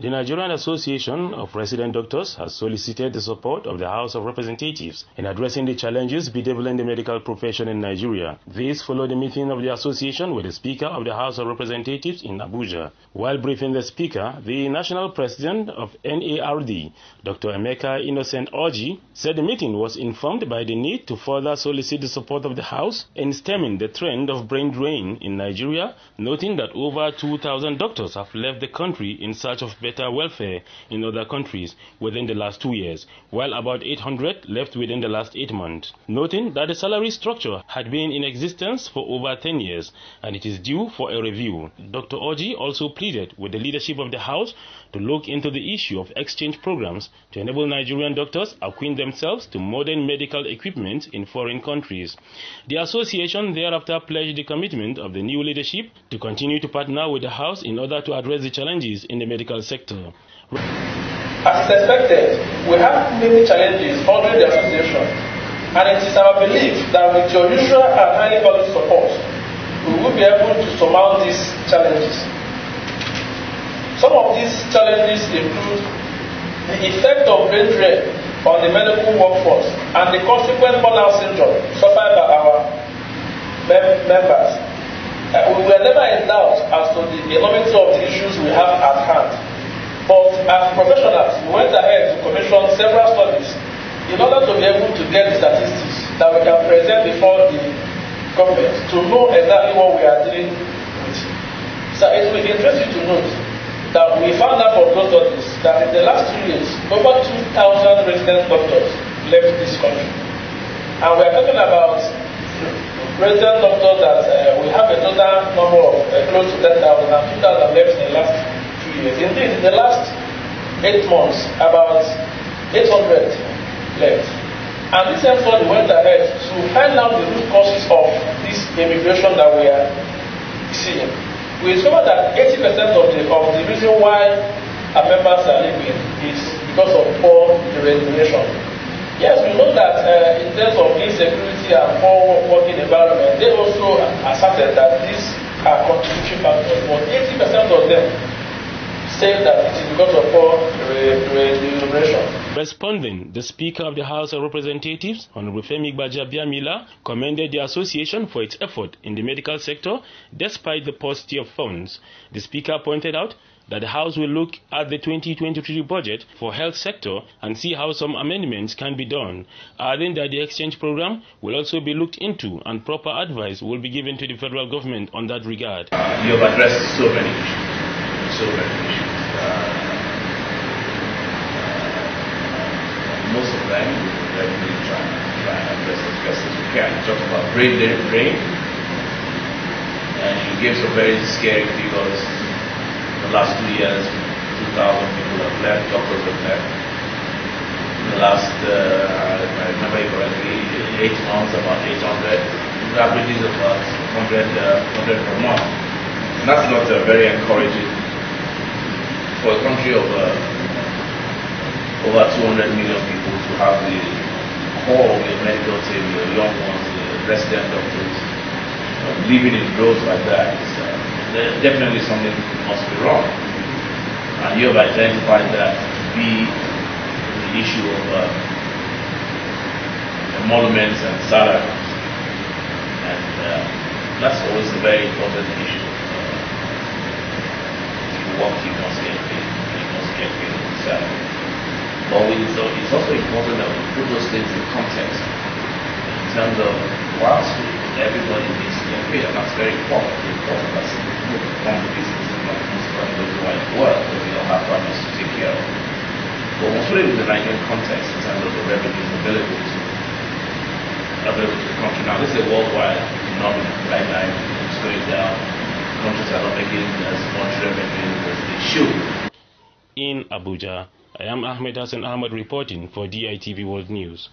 The Nigerian Association of Resident Doctors has solicited the support of the House of Representatives in addressing the challenges bedeviling the medical profession in Nigeria. This followed a meeting of the association with the Speaker of the House of Representatives in Abuja. While briefing the Speaker, the National President of NARD, Dr. Emeka Innocent Oji, said the meeting was informed by the need to further solicit the support of the House in stemming the trend of brain drain in Nigeria, noting that over 2,000 doctors have left the country in search of better better welfare in other countries within the last two years, while about 800 left within the last eight months. Noting that the salary structure had been in existence for over 10 years and it is due for a review, Dr. Oji also pleaded with the leadership of the House to look into the issue of exchange programs to enable Nigerian doctors acquaint themselves to modern medical equipment in foreign countries. The association thereafter pledged the commitment of the new leadership to continue to partner with the House in order to address the challenges in the medical sector sector. Uh, as expected, we have many challenges under the association, and it is our belief that with your usual and highly valued support, we will be able to surmount these challenges. Some of these challenges include the effect of brain drain on the medical workforce and the consequent burnout syndrome suffered by our mem members. Uh, we were never in doubt as to the enormity of the issues we have at hand. But uh, as professionals, we went ahead to commission several studies in order to be able to get the statistics that we can present before the government to know exactly what we are dealing with. So it will interest you to note that we found out from those studies that in the last two years, over 2,000 resident doctors left this country. And we are talking about resident doctors that uh, we have a total number of uh, close to 10,000 and 2,000 left in the last years. Indeed, in the last eight months, about 800 left. And this same study went ahead to find out the root causes of this immigration that we are seeing. We discovered that 80% of the, of the reason why our members are leaving is because of poor regulation. Yes, we know that uh, in terms of insecurity and poor working environment, they also asserted that this saying that it is because of poor remuneration. Responding, the Speaker of the House of Representatives, Honorable Femi Mila, commended the association for its effort in the medical sector despite the paucity of funds. The Speaker pointed out that the House will look at the 2023 budget for health sector and see how some amendments can be done, adding that the exchange program will also be looked into and proper advice will be given to the federal government on that regard. You have addressed so many issues so that uh, uh, most of them, they we try, try and address as best as we can. talk about brain dead brain, and you gave some very scary figures. In the last two years, 2,000 people have left, doctors have left. In the last, uh, I remember correctly, eight months, about 800 averages about 100, uh, 100 per month. And that's not a uh, very encouraging for a country of uh, over 200 million people to have the core of your medical team, the young ones, the resident doctors, uh, living in growth like that, uh, definitely something must be wrong. And you have identified that to be the issue of uh, emoluments and salaries. And uh, that's always a very important issue what he get paid, he wants get paid itself. But we, so it's also important that we put those things in context in terms of whilst everybody needs to get paid, and that's very important, important that's one of the reasons that most of us go to white work, because we don't have families to take care of. But once we're in the right context in terms of the revenues available to available to the country now, this is a worldwide phenomenon, right now it's going down in Abuja, I am Ahmed Hassan Ahmed reporting for DITV World News.